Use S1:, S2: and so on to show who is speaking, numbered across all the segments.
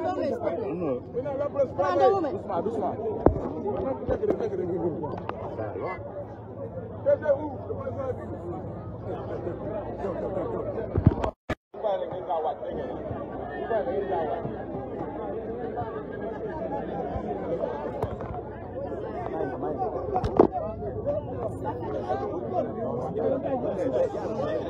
S1: no way. No. We're not repressed. We're not women. Usman, Usman. Take it, take it, take it. Thank you.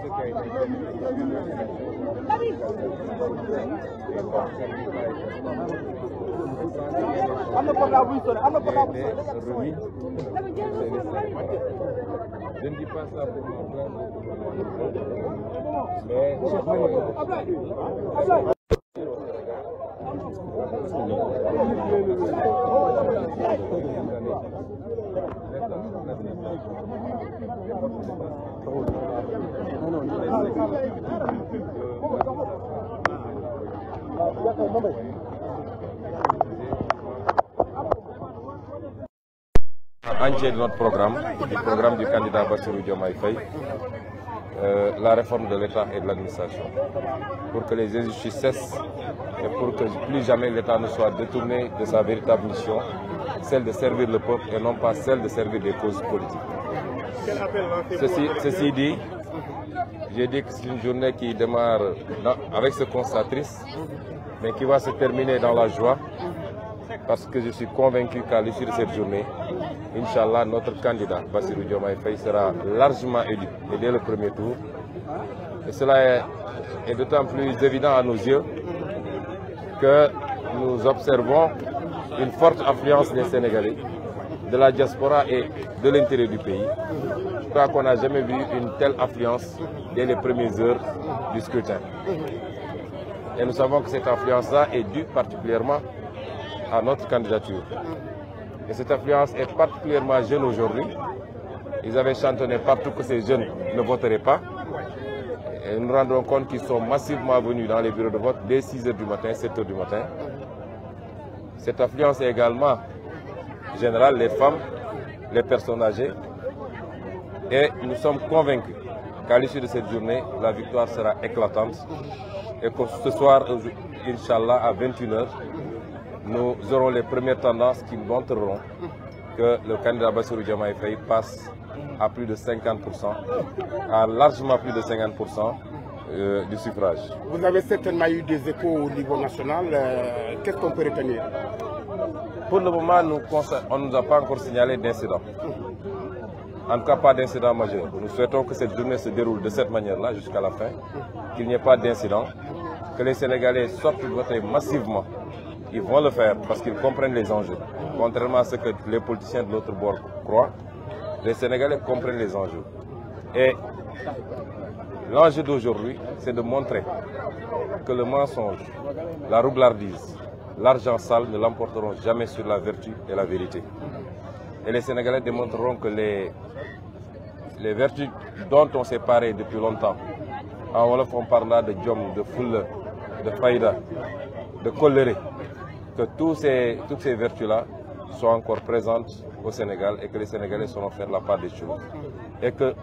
S2: am na portable buy sonné am na portable buy sonné Je ne dis pas ça pour me plaindre. Mais entier de notre programme, du programme du candidat Bassirou Diomaye Faye, euh, la réforme de l'État et de l'administration, pour que les injustices cessent et pour que plus jamais l'État ne soit détourné de sa véritable mission celle de servir le peuple et non pas celle de servir des causes politiques. Ceci, dit, j'ai dit que c'est une journée qui démarre avec ce constat triste, mais qui va se terminer dans la joie, parce que je suis convaincu qu'à l'issue de cette journée, Inch'Allah, notre candidat, Bassirou Diomaye sera largement élu, dès le premier tour. Et cela est, est d'autant plus évident à nos yeux que nous observons une forte affluence des Sénégalais, de la diaspora et de l'intérêt du pays. Je crois qu'on n'a jamais vu une telle affluence dès les premières heures du scrutin. Et nous savons que cette affluence-là est due particulièrement à notre candidature. Et cette affluence est particulièrement jeune aujourd'hui. Ils avaient chantonné partout que ces jeunes ne voteraient pas. Et nous rendons compte qu'ils sont massivement venus dans les bureaux de vote dès 6 h du matin, 7 h du matin. Cette affluence est également générale, les femmes, les personnes âgées. Et nous sommes convaincus qu'à l'issue de cette journée, la victoire sera éclatante. Et que ce soir, Inch'Allah, à 21h, nous aurons les premières tendances qui montreront que le candidat Bassirou Diomaye Faye passe à plus de 50%, à largement plus de 50%, euh, du suffrage. Vous avez certainement eu des échos au niveau national. Euh, qu'est-ce qu'on peut retenir Pour le moment, on ne nous a pas encore signalé d'incident. En tout cas, pas d'incident majeur. Nous souhaitons que cette journée se déroule de cette manière-là jusqu'à la fin, qu'il n'y ait pas d'incident, que les Sénégalais sortent voter massivement. Ils vont le faire parce qu'ils comprennent les enjeux. Contrairement à ce que les politiciens de l'autre bord croient, les Sénégalais comprennent les enjeux. Et L'enjeu d'aujourd'hui, c'est de montrer que le mensonge, la roublardise, l'argent sale ne l'emporteront jamais sur la vertu et la vérité. Et les Sénégalais démontreront que les, vertus dont on s'est paré depuis longtemps, en Wolof on parla de Djom, de Foule, de Faïda, de Coléré, que tous ces, toutes ces vertus-là sont encore présentes au Sénégal et que les Sénégalais sauront faire la part des choses. Et que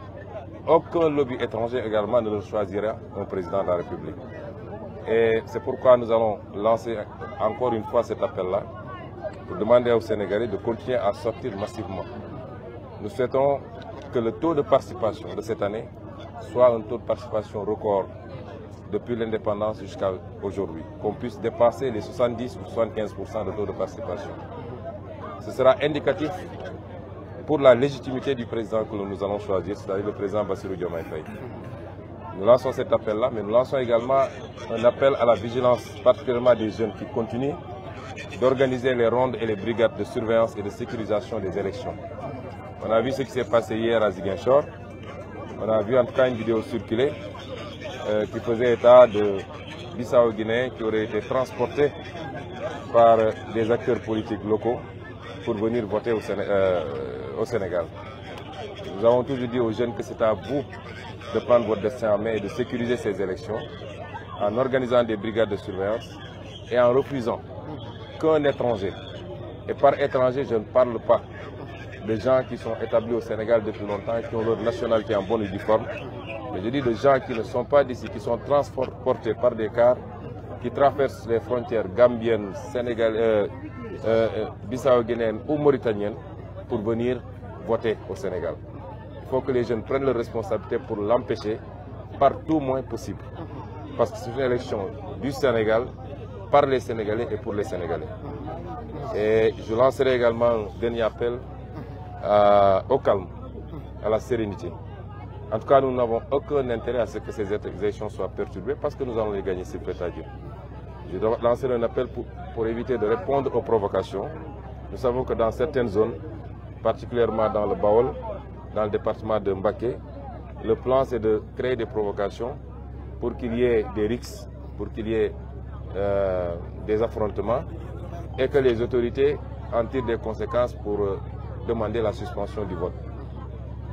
S2: aucun lobby étranger également ne choisira un président de la République. Et c'est pourquoi nous allons lancer encore une fois cet appel-là pour demander aux Sénégalais de continuer à sortir massivement. Nous souhaitons que le taux de participation de cette année soit un taux de participation record depuis l'indépendance jusqu'à aujourd'hui, qu'on puisse dépasser les 70 ou 75 de taux de participation. Ce sera indicatif pour la légitimité du président que nous allons choisir, c'est-à-dire le président Bassirou Diomaye Nous lançons cet appel-là, mais nous lançons également un appel à la vigilance, particulièrement des jeunes qui continuent d'organiser les rondes et les brigades de surveillance et de sécurisation des élections. On a vu ce qui s'est passé hier à Ziguinchor. On a vu en tout cas une vidéo circuler euh, qui faisait état de Bissau-Guinéens qui aurait été transporté par des acteurs politiques locaux pour venir voter euh, au, Sénégal. Nous avons toujours dit aux jeunes que c'est à vous de prendre votre destin en main et de sécuriser ces élections en organisant des brigades de surveillance et en refusant qu'un étranger, et par étranger je ne parle pas des gens qui sont établis au Sénégal depuis longtemps et qui ont leur nationalité en bonne uniforme, mais je dis des gens qui ne sont pas d'ici, qui sont transportés par des cars, qui traversent les frontières gambiennes, sénégalaises, euh, euh, euh, bissau-guinéenne ou mauritanienne pour venir voter au Sénégal. Il faut que les jeunes prennent leurs responsabilités pour l'empêcher par tout moins possible. Parce que c'est une élection du Sénégal, par les Sénégalais et pour les Sénégalais. Et je lancerai également un dernier appel au calme, à la sérénité. En tout cas, nous n'avons aucun intérêt à ce que ces élections soient perturbées parce que nous allons les gagner, peut-être à Dieu. Je dois lancer un appel pour, éviter de répondre aux provocations. Nous savons que dans certaines zones, particulièrement dans le Baol, dans le département de Mbaké, le plan c'est de créer des provocations pour qu'il y ait des rixes, pour qu'il y ait euh, des affrontements et que les autorités en tirent des conséquences pour euh, demander la suspension du vote.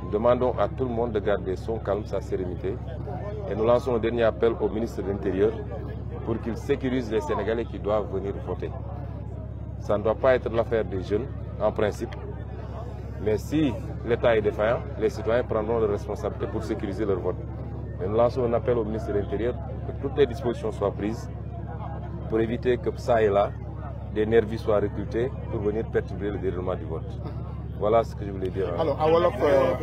S2: Nous demandons à tout le monde de garder son calme, sa sérénité et nous lançons un dernier appel au ministre de l'Intérieur pour qu'ils sécurisent les Sénégalais qui doivent venir voter. Ça ne doit pas être l'affaire des jeunes, en principe. Mais si l'État est défaillant, les citoyens prendront leurs responsabilités pour sécuriser leur vote. nous lançons un appel au ministre de l'Intérieur que toutes les dispositions soient prises pour éviter que ça et là, des nervis soient recrutés pour venir perturber le déroulement du vote. voilà ce que je voulais dire. alors awolof euh,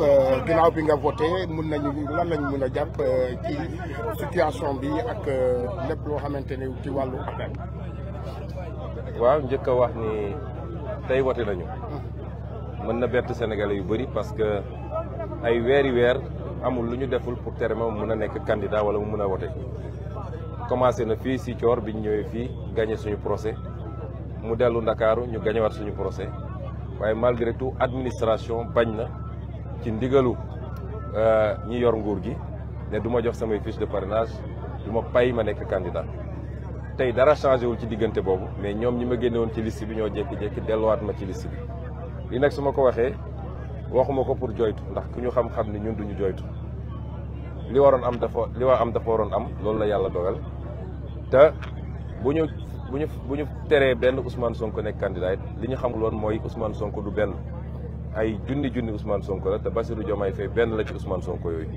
S2: euh, bi nga voté mun nañu lan lañ mun a jàpp euh, ci situation bi ak lépp loo xamante ne ci wàllu affaire. waaw njëkk a wax ni tey wote nañu. Hmm. mën na bett Sénégalais yu bëri parce que ay weeri weer amul lu ñu deful pour tere ma mun a nekk candidat wala mu mun a wote. commencé na fii si coor bi ñu ñëwee fii gagné suñu procès mu dellu Ndakaaru ñu gagné waat suñu procès. waaye malgré tout administration bañ na ci ndigalu euh, ñi yor nguur gi ne du ma jox samay fiche de parrainage du ma pay ma nekk candidat tey dara changé wul ci diggante boobu mais ñoom ñi ma génne woon ci liste bi ñoo jékki-jékki delluwaat ma ci liste bi li nag su ma ko waxee waxuma ko pour joytu ndax ku ñu xam-xam ni ñun duñu joytu li waroon am dafa li wax am dafa waroon am loolu la yàlla dogal te bu ñu bu ñu bu ñu teree benn Ousmane Sonko nekk candidat li ñu xamul woon mooy Ousmane Sonko du benn ay junni junni Ousmane Sonko la te Bassirou Diomaye Faye benn la ci Ousmane Sonko yooyu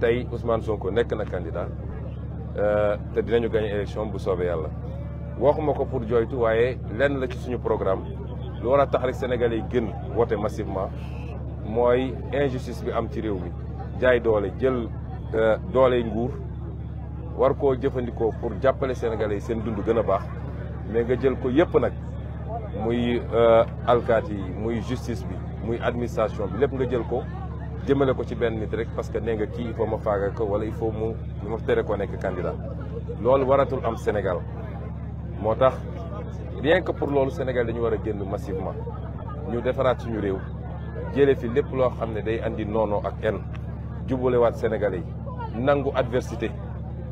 S2: tey Ousmane Sonko nekk na candidat euh, te dinañu gagné élection bu soobee yàlla. waxuma ko pour jooytu waaye lenn la ci suñu programme lu war a tax rek Sénégalais yi woote massivement mooy injustice bi am ci réew mi jaay doole jël euh, doole nguur. war koo jëfandikoo pour jàppale Sénégalais yi seen dund gën a baax mais nga jël ko yëpp nag muy euh, alkaati yi muy justice bi muy administration bi lépp nga jël ko jëmale ko ci benn nit rek parce que nee nga kii il faut ma faaga ko wala il faut mu ma tere koo nekk candidat loolu waratul am Sénégal moo tax bien que pour loolu Sénégal dañu war a génn ma ñu defaraat suñu réew jëlee fi lépp loo xam ne day andi noonoo ak en jubalewaat Sénégalais yi nangu adversité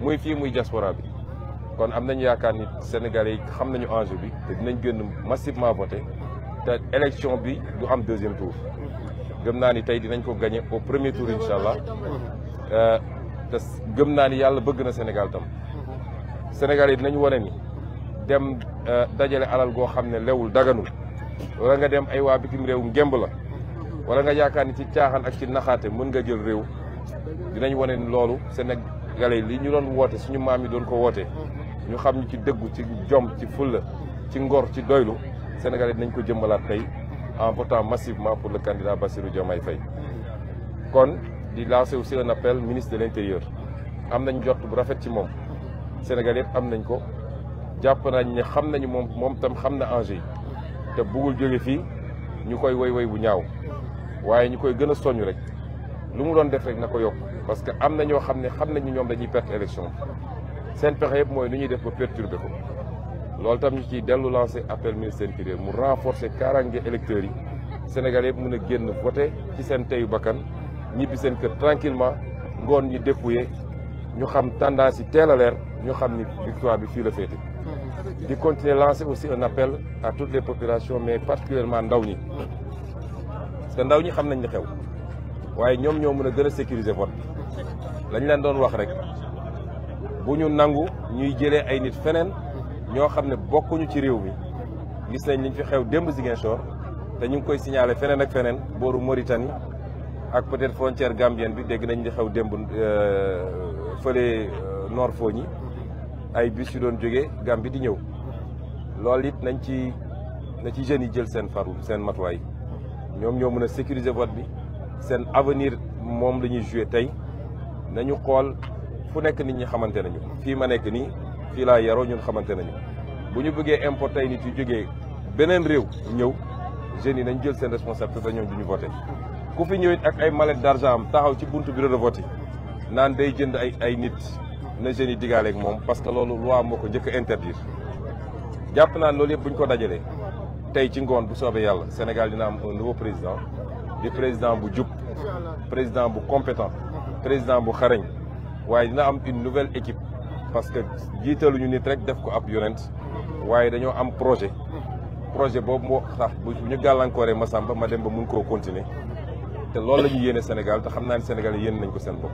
S2: muy fii muy diaspora bi kon am nañu yaakaar ni Sénégalais yi xam nañu enjeu bi te dinañ génn massivement voté te élection bi du am deuxième tour gëm naa ni tey dinañ ko gagné au premier tour incha allah euh, gëm naa ni yàlla bëgg na Sénégal tam Sénégalais yi dinañ wane ni dem euh, dajale alal goo xam ne lewul daganul wala nga dem ay waa bitim réew ngémb la wala nga yaakaar ni ci caaxaan ak ci naxaate mën nga jël réew dinañ wane ni loolu Sénégal sénégalais li ñu doon suñu doon ko ñu ci ci jom ci ci ngor ci sénégalais ko en votant massivement pour le candidat Bassirou Diomaye Faye kon di lancer aussi un appel ministre de l'intérieur ont jot bu rafet ci sénégalais ko ont nañ xam mom tam xam na gens lu mu doon def rek na ko yokk parce que am na ñoo xam ne xam nañu ñoom dañuy perte élection seen pexe yëpp mooy nu ñuy def ba perturber ko loolu tam ñu ciy dellu lancé appel ministre intérieur mu renforcer kaaraange électeurs yi Sénégal yëpp mën a génn voté ci seen teyu bakkan ñibbi seen kër tranquillement ngoon ñi dépouillé ñu xam tendance yi teel a leer ñu xam ni victoire bi fii la féete di continuer lancer aussi un appel à toutes les populations mais particulièrement ndaw ñi parce que ndaw ñi xam nañ li xew waaye ñoom ñoo mën a gën a sécuriser vote bi lañ leen doon wax rek bu ñu nangu ñuy jëlee ay nit feneen ñoo xam ne bokkuñu ci réew mi gis nañ liñ fi xew démb Ziguinchor te ñu ngi koy siñaale feneen ak feneen booru Mauritanie ak peut-être frontière gambienne bi dégg nañ li xew démb euh, fële euh, Nord Foñi ay bus yu doon jógee Gambie di ñëw loolu it nañ ci na ci jeunes yi jël seen faru seen matuwaay ñoom ñoo mën a sécuriser vote bi seen avenir moom la ñuy joué tey nañu xool fu nekk nit ñi xamante nañu fii ma nekk nii fii laa yaroo ñun xamante nañu bu ñu bëggee importer ay nit yu jógee beneen réew ñëw jeunes yi nañ jël seen responsabilité ñoom du ñu voté ku fi ñëwit ak ay mallette d'argent am taxaw ci buntu bureau de vote yi naan jënd ay ay nit na jeunes yi moom parce que loolu loi moo ko njëkk a interdire jàpp naa loolu yëpp bu ñu ko dajalee tey ci ngoon bu soobee yàlla Sénégal dina am un président di président président bu compétent président bu xarañ waye dina am une nouvelle équipe parce que ñu nit rek def ko ab yonent waye dañu am projet projet bobu mo tax bu ñu gàllankooree Massamba ma dem ba mun ko continuer té loolu lañu yéné Sénégal té xam naa ne Sénégal yéene nañ ko sen bopp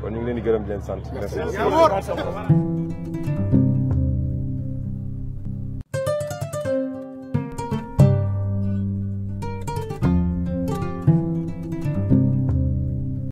S2: kon ñu ngi leen di gërëm di leen sant merci